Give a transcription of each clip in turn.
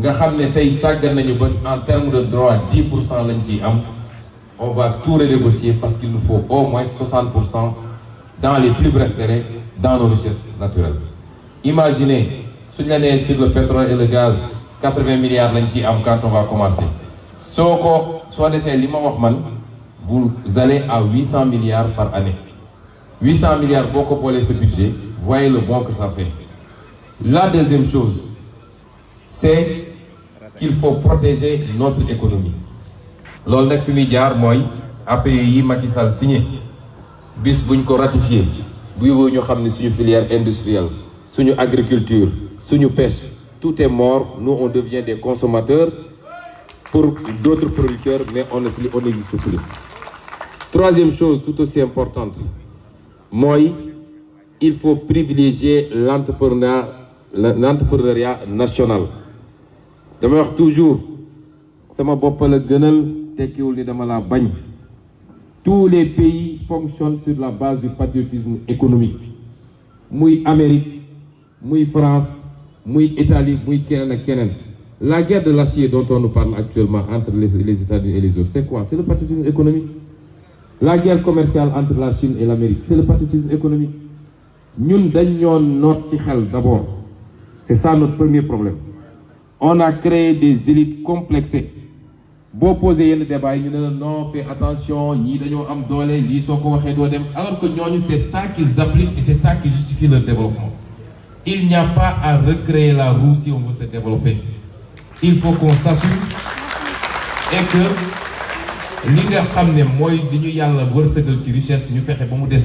en termes de droits 10 on va tout renégocier parce qu'il nous faut au moins 60 dans les plus brefs délais dans nos richesses naturelles. imaginez si a le pétrole et le gaz 80 milliards lundi quand on va commencer Si soit vous allez à 800 milliards par année 800 milliards beaucoup pour ce budget voyez le bon que ça fait la deuxième chose c'est qu'il faut protéger notre économie loolu est fini muy jaar mooy Macky Sall signé bis buñ ko ratifié bu avons ñu xamni suñu filière industrielle suñu agriculture suñu pêche tout est mort nous on devient des consommateurs pour d'autres producteurs mais on plus n'existe plus troisième chose tout aussi importante moi, il faut privilégier l'entrepreneuriat national demeure toujours sama tous les pays fonctionnent sur la base du patriotisme économique Amérique France Italie la guerre de l'acier dont on nous parle actuellement entre les, États-Unis et les autres c'est quoi c'est le patriotisme économique la guerre commerciale entre la Chine et l'Amérique c'est le patriotisme économique Nous d'abord c'est ça notre premier problème on a créé des élites complexées boo posé le débat on ñu non fais attention ni am alors que nous, c'est ça qu'ils appliquent et c'est ça qui justifie leur développement il n'y a pas à recréer la roue si on veut se développer il faut qu'on s'assume et que les nga xam ne les li ñu richesse ñu fexe ba mu des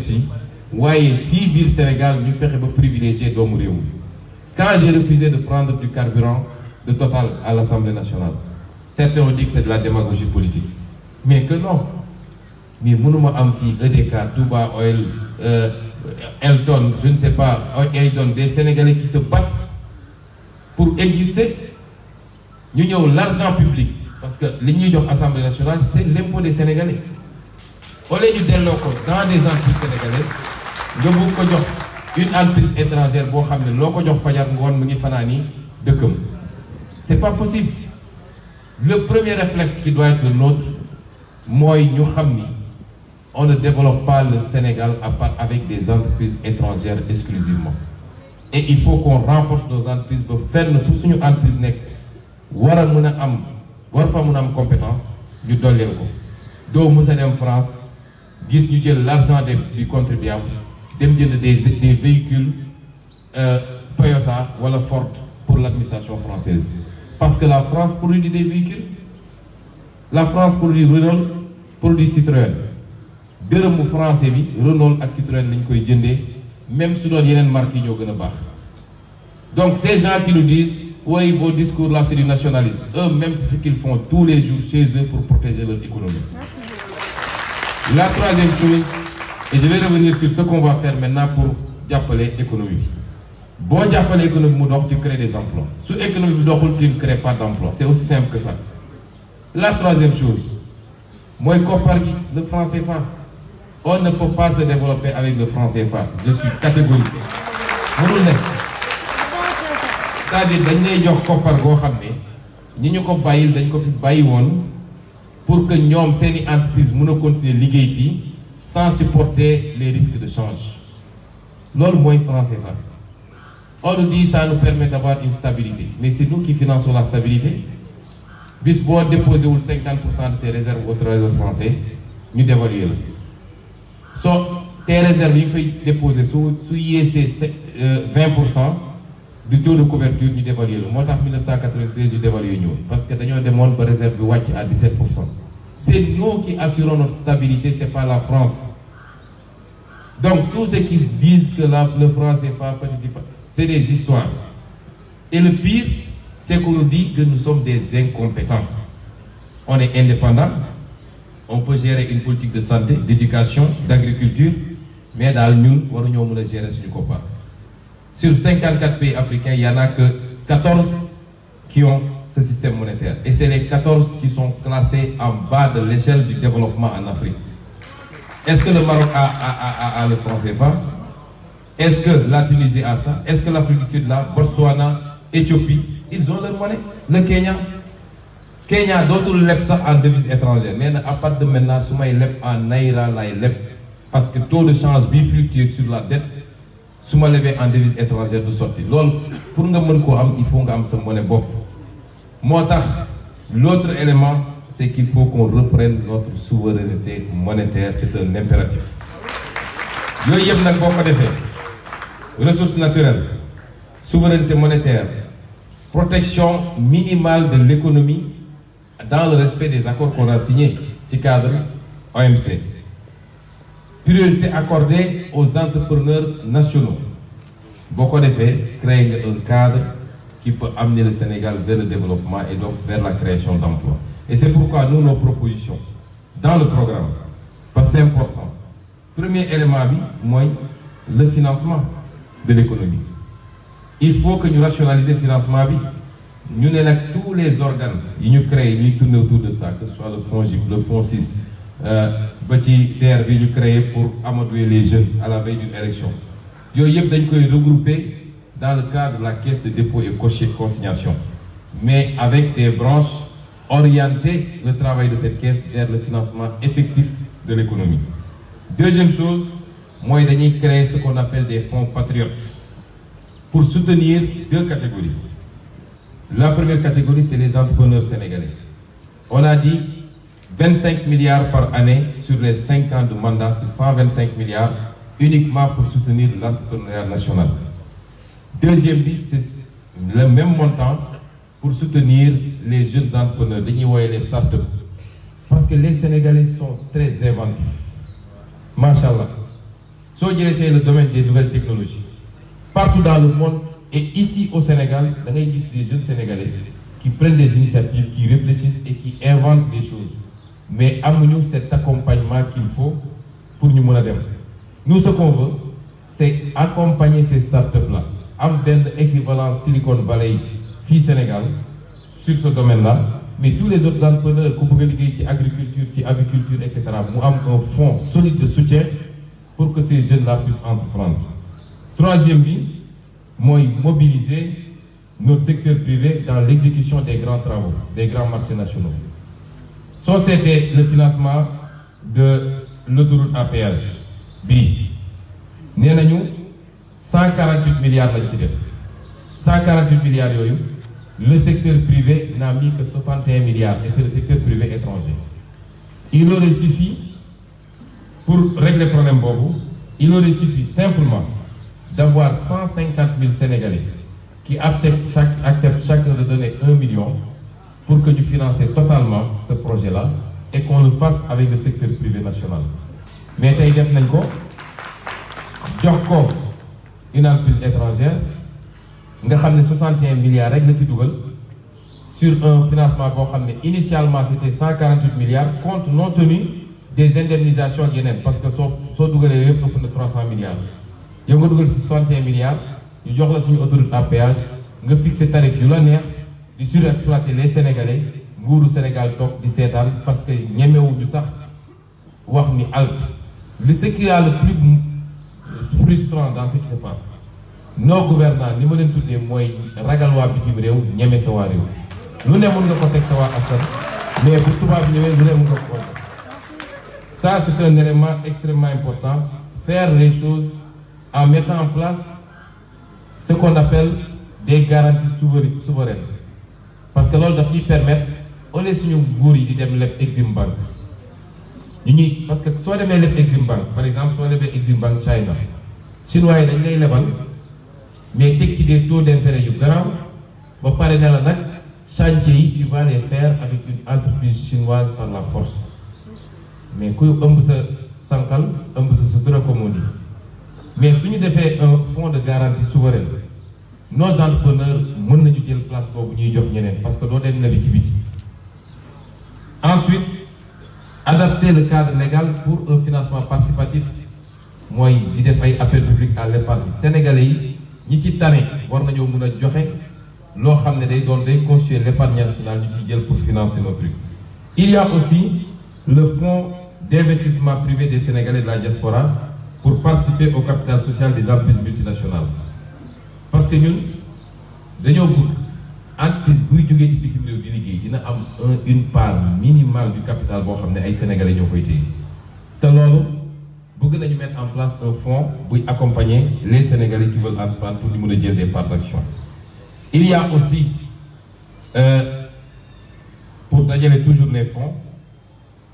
Sénégal ñu fexe ba privilégier mourir. quand j'ai refusé de prendre du carburant de Total à l'Assemblée nationale. Certains ont dit que c'est de la démagogie politique. Mais que non. Mais Mounoumo Amfi, EDK, Touba, Oil, euh, Elton, je ne sais pas, Elton, des Sénégalais qui se battent pour exister. l'argent public. Parce que l'Union l'Assemblée nationale, c'est l'impôt des Sénégalais. On locaux dans des entreprises sénégalaises. Je vous une entreprise étrangère, vous savez, vous savez, vous savez, vous fanani de n'est pas possible le premier réflexe qui doit être le nôtre moi, nous, xam on ne développe pas le Sénégal à part avec des entreprises étrangères exclusivement et il faut qu'on renforce nos entreprises pour faire fu suñu entreprise entreprises war a am war fa am compétence France nous ñu l'argent du contribuable nous jënd des des véhicules euh, Toyota wala Ford pour l'administration française parce que la France produit des véhicules. La France produit Renault, produit Citroën. mots français Renault et Citroën koy même su doon yeneen marqué, nous avons donc ces gens qui nous disent oui vos discours là c'est du nationalisme eux-mêmes c'est ce qu'ils font tous les jours chez eux pour protéger leur économie. la troisième chose et je vais revenir sur ce qu'on va faire maintenant pour appeler économie Bon, j'appelle l'économie, mu tu crées des emplois Sous économie doxul tu ne crées pas d'emplois. c'est aussi simple que ça la troisième chose moi, koppar le franc CFA on ne peut pas se développer avec le franc CFA je suis catégorique Vous c'est-à-dire que lay jox koppar goo xam ne ñi pour que nous entreprises entreprise mën continuer liggéey sans supporter les risques de change loolu le franc CFA on nous dit que ça nous permet d'avoir une stabilité. Mais c'est nous qui finançons la stabilité. Bis vous déposer 50% de tes réserves au trésor français nous dévaluer So, tes réserves il faut déposer. sous euh, 20% du taux de couverture nous dévaluer Moi, en 1993 nous dévaluer parce que nous demandons des réserves de watch à 17% c'est nous qui assurons notre stabilité ce n'est pas la France donc tous ce qu'ils disent que la le franc pas... petit c'est des histoires. Et le pire, c'est qu'on nous dit que nous sommes des incompétents. On est indépendant, on peut gérer une politique de santé, d'éducation, d'agriculture, mais dans le nous, on ne gérer ce pas. Sur 54 pays africains, il n'y en a que 14 qui ont ce système monétaire. Et c'est les 14 qui sont classés en bas de l'échelle du développement en Afrique. Est-ce que le Maroc a, a le franc CFA est-ce que la Tunisie a ça Est-ce que l'Afrique du Sud là, Botswana, Éthiopie, ils ont leur monnaie Le Kenya Kenya d'autres lèvent ça en devise étrangère Mais à partir de maintenant si je en naira je leb parce que taux de change bi sur la dette si je lève en devise étrangère de sortie. Donc, pour que nous koo am il faut nga am sa monnaie bop. l'autre élément c'est qu'il faut qu'on reprenne notre souveraineté monétaire c'est un impératif vais yëpp nag boo ko ressources naturelles, souveraineté monétaire, protection minimale de l'économie dans le respect des accords qu'on a signés du cadre OMC. Priorité accordée aux entrepreneurs nationaux. Beaucoup d'effets créent un cadre qui peut amener le Sénégal vers le développement et donc vers la création d'emplois. Et c'est pourquoi nous, nos propositions dans le programme, parce que c'est important. Premier élément, à moi, le financement de l'économie. Il faut que nous rationalisions le financement. Nous avons tous les organes qui nous créent, qui tournent autour de ça, que ce soit le fonds le fonds 6, euh, petit DRV nous pour amadouer les jeunes à la veille d'une élection. Nous avons regroupé dans le cadre de la caisse de dépôt et cocher consignation, mais avec des branches orientées le travail de cette caisse vers le financement effectif de l'économie. Deuxième chose, moi, je créer ce qu'on appelle des fonds patriotes pour soutenir deux catégories la première catégorie c'est les entrepreneurs sénégalais on a dit 25 milliards par année sur les 5 ans de mandat c'est 125 milliards uniquement pour soutenir l'entrepreneuriat national deuxième vie, c'est le même montant pour soutenir les jeunes entrepreneurs et les start parce que les sénégalais sont très inventifs MashaAllah qui le domaine des nouvelles technologies. Partout dans le monde et ici au Sénégal, il existe des jeunes Sénégalais qui prennent des initiatives, qui réfléchissent et qui inventent des choses. Mais amenons cet accompagnement qu'il faut pour nous monader. Nous, ce qu'on veut, c'est accompagner ces startups-là. Amden équivalent Silicon Valley, FI Sénégal, sur ce domaine-là. Mais tous les autres entrepreneurs, qui agriculture, qui aviculture, etc., nous avons un fonds solide de soutien que ces jeunes-là puissent entreprendre. Troisième moi mobiliser notre secteur privé dans l'exécution des grands travaux, des grands marchés nationaux. Ça, c'était le financement de l'autoroute à B. Néanmoins, 148 milliards de 148 milliards le secteur privé n'a mis que 61 milliards et c'est le secteur privé étranger il aurait suffi pour régler le problème Bobo, il aurait suffi simplement d'avoir 150 000 Sénégalais qui acceptent, chaque, chacun de donner 1 million pour que tu finances totalement ce projet-là et qu'on le fasse avec le secteur privé national. Mais il y fait une entreprise étrangère, nous avons 61 milliards règles sur un financement initialement c'était 148 milliards, compte non tenu des indemnisations à yeneen parce que so, so a 300 milliards il y a 61 milliards il jox la suñu autoroute à péage nga fixer tarif yu la a di surexploiter les sénégalais nguuru Sénégal toog di ans parce que ñemewuñu sax wax ni halte ce qui est le plus frustrant dans ce qui se passe nos gouvernants ni ma leen tuddee pas ragal waa bitim réew ñeme sa waa réew lu ne mën nga ko à sa waa ça, mais bu tubaab ñëwee nous n'avons pas de ko ça, c'est un élément extrêmement important. Faire les choses en mettant en place ce qu'on appelle des garanties souveraines. Parce que l'on doit permettre, on nous de faire exim Bank. Parce que soit les Exim Bank, par exemple, soit les Exim Bank China, Chinois, ils les lèvent, mais dès qu'il y a des taux d'intérêt grands, on parler de la chantier, tu vas les faire avec une entreprise chinoise par la force mais kuy ëmb sa sànqal on sa sutura comme on dit mais su ñu defee un fonds de garantie souveraine nos entrepreneurs ne nañu jël place pour ñuy jox ñeneen parce que nous avons une ensuite adapter le cadre légal pour un financement participatif Moi, di def ay appel public à l'épargne sénégalais yi ñi ci tane war nañoo a ne day doon day l'épargne nationale du pour financer nos trucs il y a aussi le fonds d'investissement privé des Sénégalais de la diaspora pour participer au capital social des entreprises multinationales. parce que nous, nous bëgg entreprise buy jógee une part minimale du capital que les sénégalais ñoo nous téye mettre en place un fonds pour accompagner les sénégalais qui veulent apprendre pour le monde des parts d'action il y a aussi euh, pour dire toujours les fonds.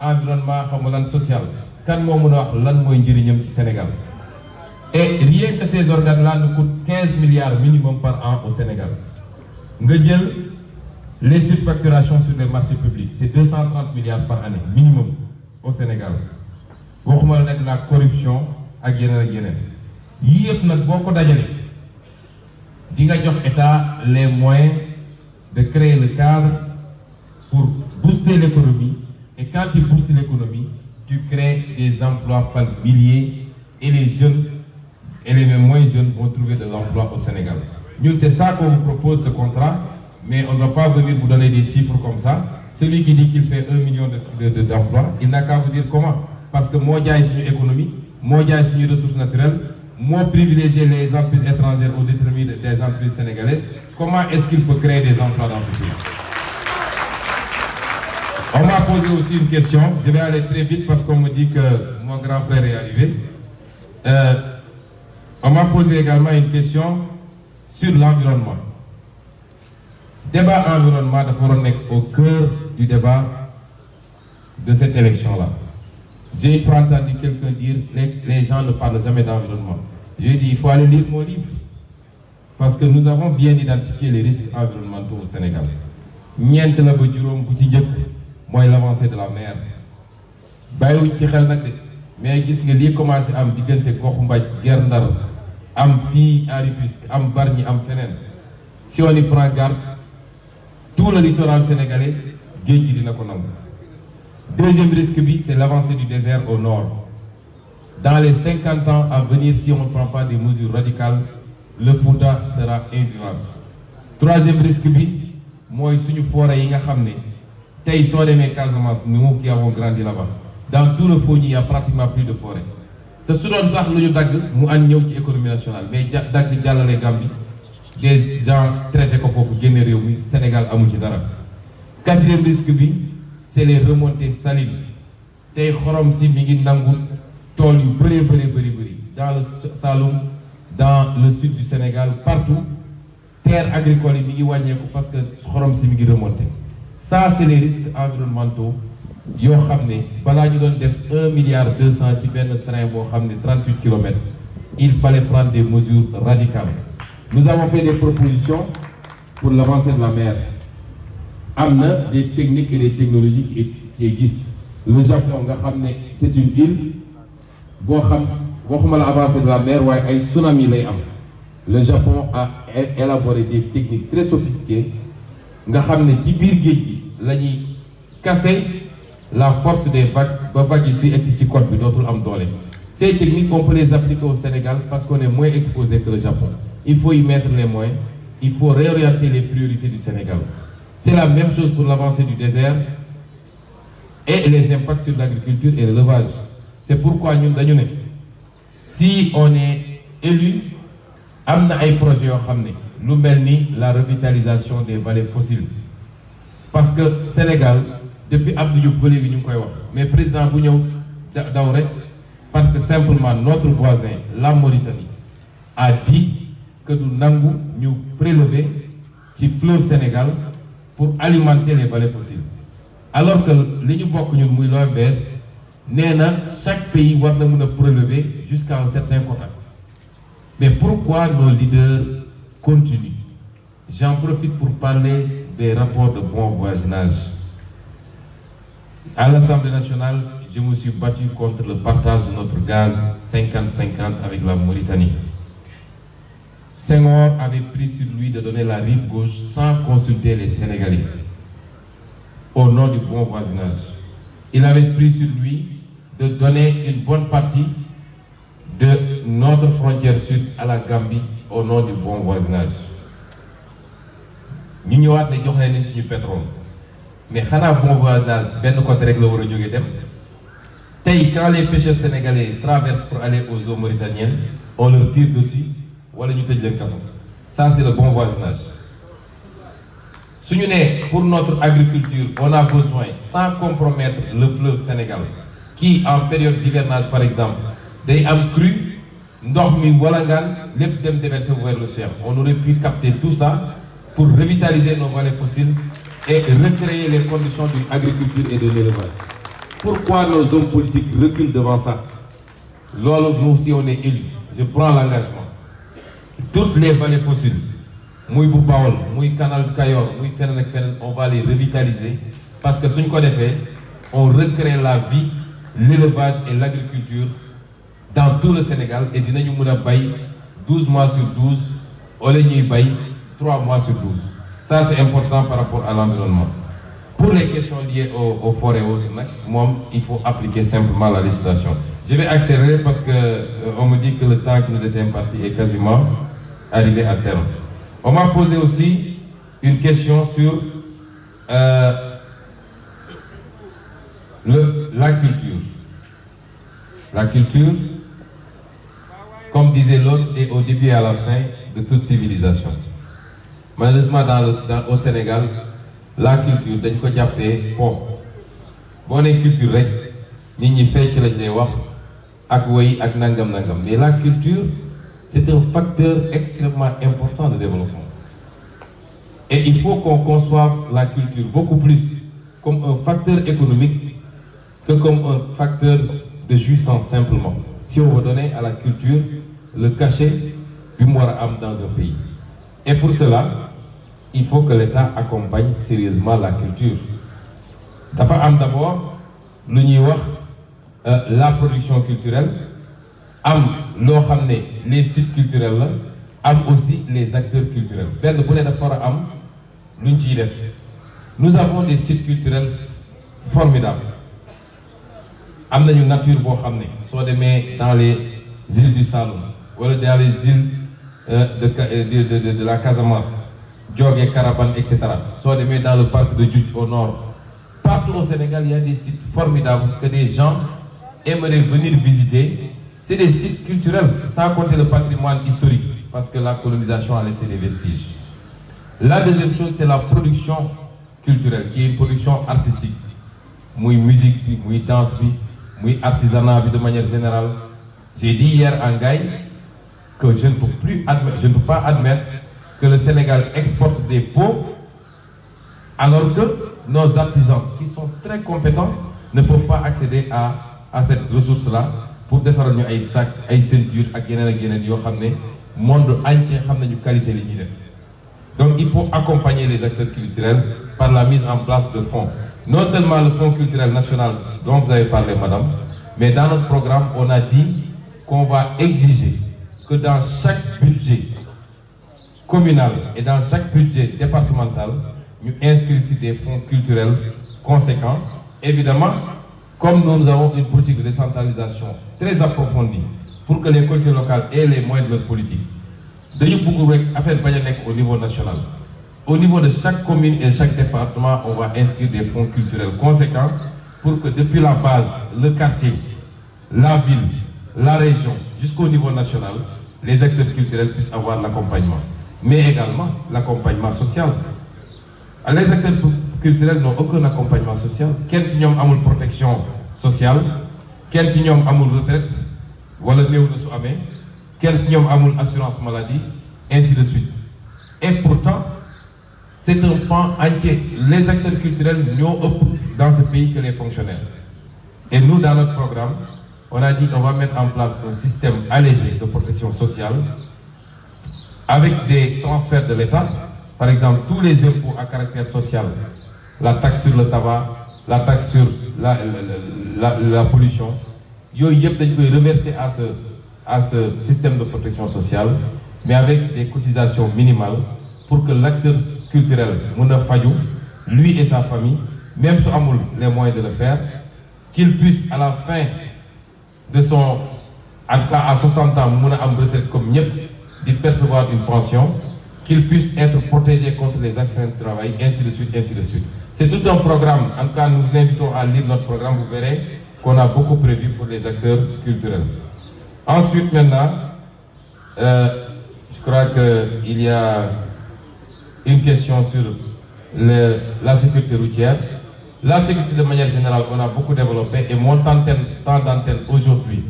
environnement social kan mo wax lan Sénégal et rien que ces organes là nous coûtent 15 milliards minimum par an au Sénégal nga jël les surfacturations sur les marchés publics c'est 230 milliards par année minimum au Sénégal waxuma la la corruption ak yeneen ak y a nak boko di les moyens de créer le cadre pour booster l'économie et quand tu boostes l'économie, tu crées des emplois par milliers et les jeunes et les moins jeunes vont trouver de l'emploi au Sénégal. Nous, c'est ça qu'on vous propose ce contrat, mais on ne va pas venir vous donner des chiffres comme ça. Celui qui dit qu'il fait un million d'emplois, de, il n'a qu'à vous dire comment. Parce que moi, j'ai une économie, moi, j'ai une ressource naturelle, moi, privilégier les entreprises étrangères au détriment des entreprises sénégalaises. Comment est-ce qu'il faut créer des emplois dans ce pays on m'a posé aussi une question. Je vais aller très vite parce qu'on me dit que mon grand frère est arrivé. Euh, on m'a posé également une question sur l'environnement. Débat environnement de Foronec au cœur du débat de cette élection-là. J'ai entendu quelqu'un dire les, gens ne parlent jamais d'environnement. J'ai dit il faut aller lire mon livre parce que nous avons bien identifié les risques environnementaux au Sénégal. Niente moi, l'avancée de la mer bayou ci xel nak de mais gis nga li commencé am diggante goxu mbaj ger am fi à am Bargny am fenen si on y prend garde tout le littoral sénégalais géej gi dina ko nangu deuxième risque bi c'est l'avancée du désert au nord dans les 50 ans à venir si on ne prend pas des mesures radicales le Fouta sera invivable troisième risque bi moy suñu forêt yi nga xamné tey soo demee Casamance nous qui avons grandi là-bas dans tout le Fouta il y a pratiquement plus de forêt te su doon sax lu ñu dagg mu ànd ñëw ci économie nationale mais ja dagg jàllale Gambie des gens traité ko foofu génne réew mi Sénégal amu ci dara. quatrième risque bi c'est les remontées salines tey xorom si mi ngi nangu tool yu bëree bëri bëri bëri dans le Saloum dans le sud du Sénégal partout terre agricole yi mi ngi wàññeeku parce que xorom si mi ngi remonté ça c'est les risques environnementaux Il y milliard de trains ci train 38 km il fallait prendre des mesures radicales nous avons fait des propositions pour l'avancée de la mer Amener des techniques et des technologies qui existent le Japon c'est une ville de la mer le Japon a élaboré des techniques très sophistiquées la casser la force des vagues ba vagues yi suy egsi ces techniques on peut les appliquer au Sénégal parce qu'on est moins exposé que le Japon il faut y mettre les moyens il faut réorienter les priorités du Sénégal c'est la même chose pour l'avancée du désert et les impacts sur l'agriculture et levage c'est pourquoi nous, si on est élu nous avons ay projet yo xamné la revitalisation des vallées fossiles parce que Sénégal depuis Abdou Diouf ba ñu mais président bu dans parce que simplement notre voisin la Mauritanie a dit que nous nangu ñu prélever fleuve Sénégal pour alimenter les vallées fossiles alors que nous avons ñun chaque pays doit na prélever jusqu'à un certain point. mais pourquoi nos leaders continuent j'en profite pour parler des rapports de bon voisinage. À l'Assemblée nationale, je me suis battu contre le partage de notre gaz 50-50 avec la Mauritanie. Senghor avait pris sur lui de donner la rive gauche sans consulter les Sénégalais, au nom du bon voisinage. Il avait pris sur lui de donner une bonne partie de notre frontière sud à la Gambie au nom du bon voisinage. Nous avons ne jox leen mais suñu pétrole mais bon voisinage ben côté rek la quand les pêcheurs sénégalais traversent pour aller aux eaux mauritaniennes on leur tire dessus ça c'est le bon voisinage pour notre agriculture on a besoin sans compromettre le fleuve Sénégal qui en période d'hivernage par exemple des am crue ndox mi walangaan lépp dem déverser vers cerf. on aurait pu capter tout ça pour revitaliser nos vallées fossiles et recréer les conditions d'une agriculture et de l'élevage. Pourquoi nos hommes politiques reculent devant ça nous aussi on est élus, je prends l'engagement. Toutes les vallées fossiles, Mouy Boupaol, Mouy Canal Kayor, Mouy on va les revitaliser parce que ce qu'on a fait, on recrée la vie, l'élevage et l'agriculture dans tout le Sénégal et nous avons 12 mois sur 12, on les 3 mois sur 12. Ça, c'est important par rapport à l'environnement. Pour les questions liées aux, forêts et autres, moi, il faut appliquer simplement la législation. Je vais accélérer parce qu'on euh, on me dit que le temps qui nous était imparti est quasiment arrivé à terme. On m'a posé aussi une question sur euh, la culture. La culture, comme disait l'autre, est au début et à la fin de toute civilisation malheureusement au Sénégal la culture c'est ko culture rek nit ñi nangam mais la culture c'est un facteur extrêmement important de développement et il faut qu'on conçoive la culture beaucoup plus comme un facteur économique que comme un facteur de jouissance simplement si on veut donner à la culture le cachet du moire dans un pays et pour cela il faut que l'État accompagne sérieusement la culture d'abord nous euh, la production culturelle am les sites culturels am aussi les acteurs culturels nous avons des sites culturels formidables am une nature pour soit soit dans les îles du salon dans les îles euh, euh, de de la Casamance. Jogé, caravane, etc. Soit demain dans le parc de Jute au nord. Partout au Sénégal, il y a des sites formidables que des gens aimeraient venir visiter. C'est des sites culturels, sans compter le patrimoine historique, parce que la colonisation a laissé des vestiges. La deuxième chose, c'est la production culturelle, qui est une production artistique. Moui musique, moui danse, moui artisanat de manière générale. J'ai dit hier en Gaï que je ne peux, plus admettre, je ne peux pas admettre que le Sénégal exporte des pots, alors que nos artisans, qui sont très compétents, ne peuvent pas accéder à, cette ressource-là pour défendre ñu sacs, sac ceintures, ceinture ak ak monde entier qualité donc il faut accompagner les acteurs culturels par la mise en place de fonds non seulement le fonds culturel national dont vous avez parlé madame mais dans notre programme on a dit qu'on va exiger que dans chaque budget communale et dans chaque budget départemental, nous inscrivons des fonds culturels conséquents. Évidemment, comme nous, avons une politique de décentralisation très approfondie pour que les cultures locales aient les moyens de leur politique, de nous beaucoup affaire au niveau national au niveau de chaque commune et chaque département on va inscrire des fonds culturels conséquents pour que depuis la base le quartier la ville la région jusqu'au niveau national les acteurs culturels puissent avoir l'accompagnement mais également l'accompagnement social. Ah, les acteurs culturels n'ont aucun accompagnement social. Quel a n'ont amul protection sociale, quel a n'ont amul retraite, voilà le néo quel n'ont amul assurance maladie, ainsi de suite. Et pourtant, c'est un pan entier. Les acteurs culturels n'ont dans ce pays que les fonctionnaires. Et nous, dans notre programme, on a dit qu'on va mettre en place un système allégé de protection sociale avec des transferts de l'État, par exemple tous les impôts à caractère social, la taxe sur le tabac, la taxe sur la, pollution, il y reverser à ce à ce système de protection sociale mais avec des cotisations minimales pour que l'acteur culturel Mouna Fayou, lui et sa famille même sur Amoul, les moyens de le faire qu'il puisse à la fin de son en tout cas à 60 ans Mouna comme Miep, percevoir une pension, qu'ils puissent être protégés contre les accidents de travail, ainsi de suite, ainsi de suite. C'est tout un programme. En tout cas, nous vous invitons à lire notre programme, vous verrez qu'on a beaucoup prévu pour les acteurs culturels. Ensuite, maintenant, euh, je crois qu'il y a une question sur la sécurité routière. La sécurité, de manière générale, on a beaucoup développé et mon temps d'antenne aujourd'hui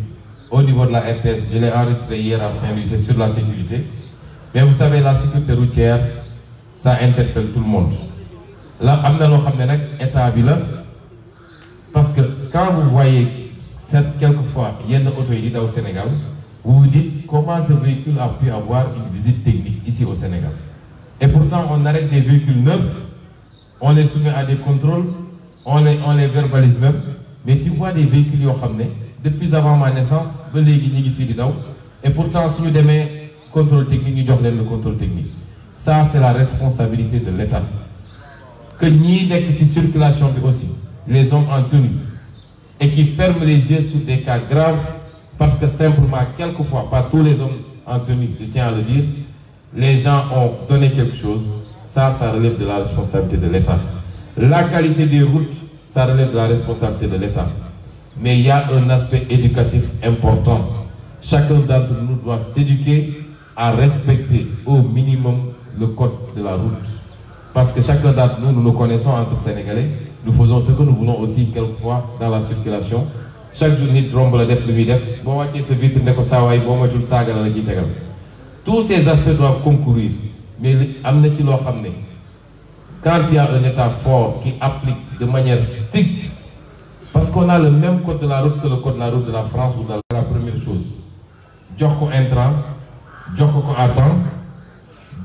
au niveau de la RTS. Je l'ai enregistré hier à Saint-Louis, c'est sur la sécurité. Mais vous savez, la sécurité routière, ça interpelle tout le monde. Là, parce que quand vous voyez quelquefois, il y a une autorité au Sénégal, vous vous dites comment ce véhicule a pu avoir une visite technique ici au Sénégal. Et pourtant, on arrête des véhicules neufs, on les soumet à des contrôles, on les, on les verbalise même, mais tu vois des véhicules ont depuis avant ma naissance je suis venu et pourtant suñu contrôle technique nous avons le contrôle technique ça c'est la responsabilité de l'État que ait que ci circulation aussi les hommes en tenue et qui ferment les yeux sur des cas graves parce que simplement quelquefois pas tous les hommes en tenue je tiens à le dire les gens ont donné quelque chose ça ça relève de la responsabilité de l'État la qualité des routes ça relève de la responsabilité de l'État mais il y a un aspect éducatif important. Chacun d'entre nous doit s'éduquer à respecter au minimum le code de la route. Parce que chacun d'entre nous, nous nous connaissons entre Sénégalais, nous faisons ce que nous voulons aussi quelquefois dans la circulation. Chaque jour, nous avons def le Tous ces aspects doivent concourir. Mais quand il y a un État fort qui applique de manière stricte parce qu'on a le même code de la route que le code de la route de la France ou de la, la première chose jox ko intrant jox ko ko à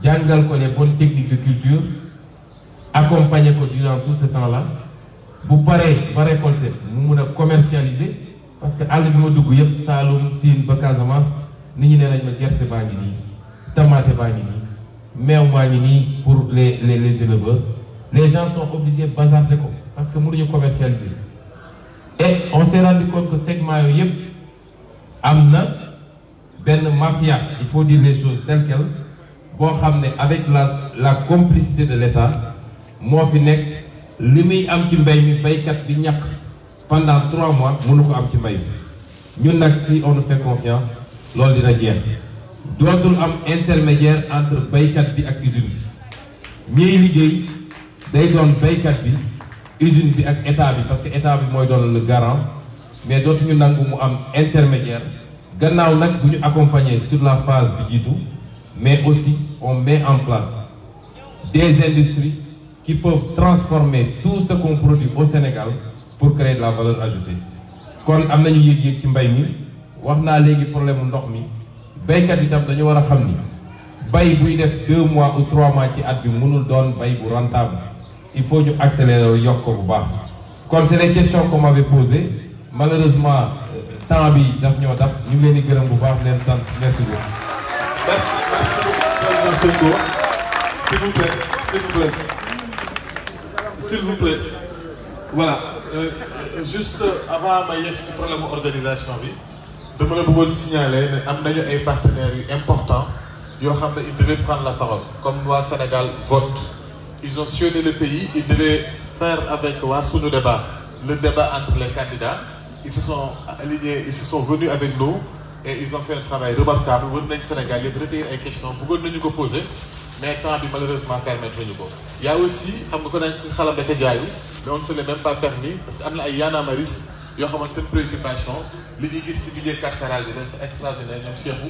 les bonnes techniques de culture accompagner ko durant tout ce temps là Pour parlez, ba récolter nous commercialiser parce que l'époque bi ma dugg yëpp Saloum Sine ba Casamance nit ñi nee nañ ma gerte baa ngi nii tamaate baa pour les les les éleveurs les gens sont obligés bazarder ko parce que mënuñu commercialiser et on s'est rendu compte que segment yooyu yëpp ben mafia il faut dire les choses telles quelles Bon, amne avec la la complicité de l'État Moi, fi nekk am ci mbay mi baykat bi ñàkk pendant trois mois mënu ko am ci mbay ñun nak si on nous fait confiance lool dina jeex dootul am intermédiaire entre baykat bi ak usine bi liggéey day doon baykat bi usine bi ak parce que l'État bi le garant mais d'autres nangu mu am intermédiaire gannaaw nak buñu accompagner sur la phase bi tout, mais aussi on met en place des industries qui peuvent transformer tout ce qu'on produit au Sénégal pour créer de la valeur ajoutée kon on ñu dit, qu'il ci mbay mi waxna légui problème ndox mi baykat yi tam dañu wara a xam ni bay buy def deux mois ou trois mois ci at bi mënul doon bay rentable il faut accélérer le ko bu c'est les questions qu'on m'avait posées malheureusement euh, tant bi daf ñoo dab ñu ngi leen gërëm bu baax merci beaucoup. merci merci beaucoup président Sonko s'il vous plaît s'il vous plaît s'il vous plaît voilà euh, euh, juste avant ma yes ce problème organisation bi dama la bëggoon signaler né am nañu ay partenaires important importants yo prendre la parole comme loi Sénégal vote ils ont sillonné le pays, ils devaient faire avec nos débat, le débat entre les candidats. Ils se sont alignés, ils sont venus avec nous et ils ont fait un travail remarquable. Vous venez Sénégal, ils retirent les questions, vous pouvez nous poser, mais tant pis malheureusement permettre nous. Il y a aussi, mais on ne se l'est même pas permis, parce qu'il y a Yana Maris, il y a une préoccupation, l'idée qui est extraordinaire, suis à vous.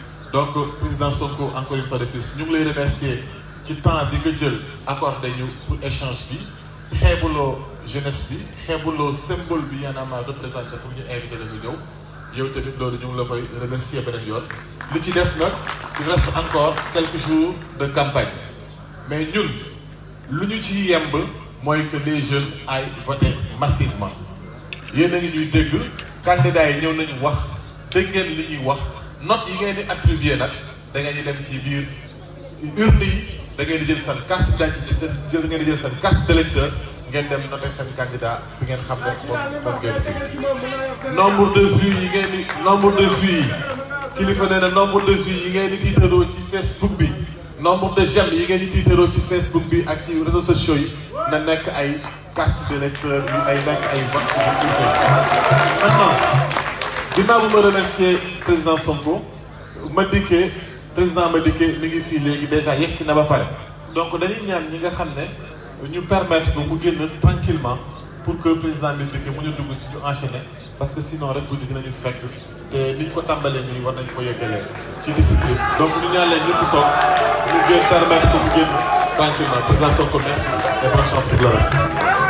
donc président Sonko encore une fois de plus nous voulons remercions remercier ci temps que nous jël accordé ñu pour échange bi la jeunesse bi le symbole bi nous avons représenté pour ñu inviter la vidéo. nous yow tamit ñu la koy remercier beneen nous. li ci il reste encore quelques jours de campagne mais nous, ce ñu ci yemb que les jeunes aillent voter massivement yéen a ngi ñuy dégg candidats yi ñëw nañu wax dégg ngeen li ñuy not yi ngeen di attribuer nag da ngeen dem ci biir urne yi da ngeen jël seen carte d'identité seen jël ngeen di seen carte d'électeur ngeen dem noté seen candidat bi ngeen xam ne moom moom ngeen di nombre de vues yi ngeen di nombre de vues yi kilifa na nombre de vues yi ngeen di tiitaroo ci Facebook bi nombre de j'aime yi ngeen di tiitaroo ci Facebook bi ak ci réseaux sociaux yi na nekk ay carte d'électeur yu ay nekk ay vote yu maintenant dinaa bu ma remercier président Sonko ma président ma dikkee mi ngi fii déjà yegsi na ba paré donc dañuy ñaan ñi nga xamné ñu permettre ko mu génn tranquillement pour que président bi dikkee mu ñu dugg ci ñu enchaîner parce que sinon rek bu dikk nañu fekk té niñ ko tambalé ni war nañ ko yeggalee ci discipline donc ñu ñaan leen ñëpp tok ñu génn permettre ko mu génn tranquillement président Sonko merci et bonne chance pour le reste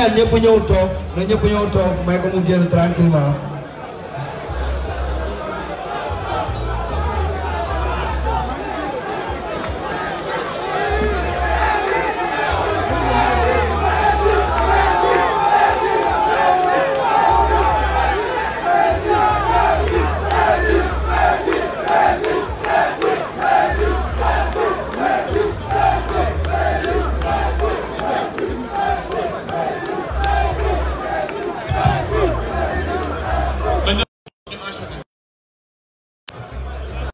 ñaan ñëpp ñëw toog na ñëpp toog may ko mu génn tranquillement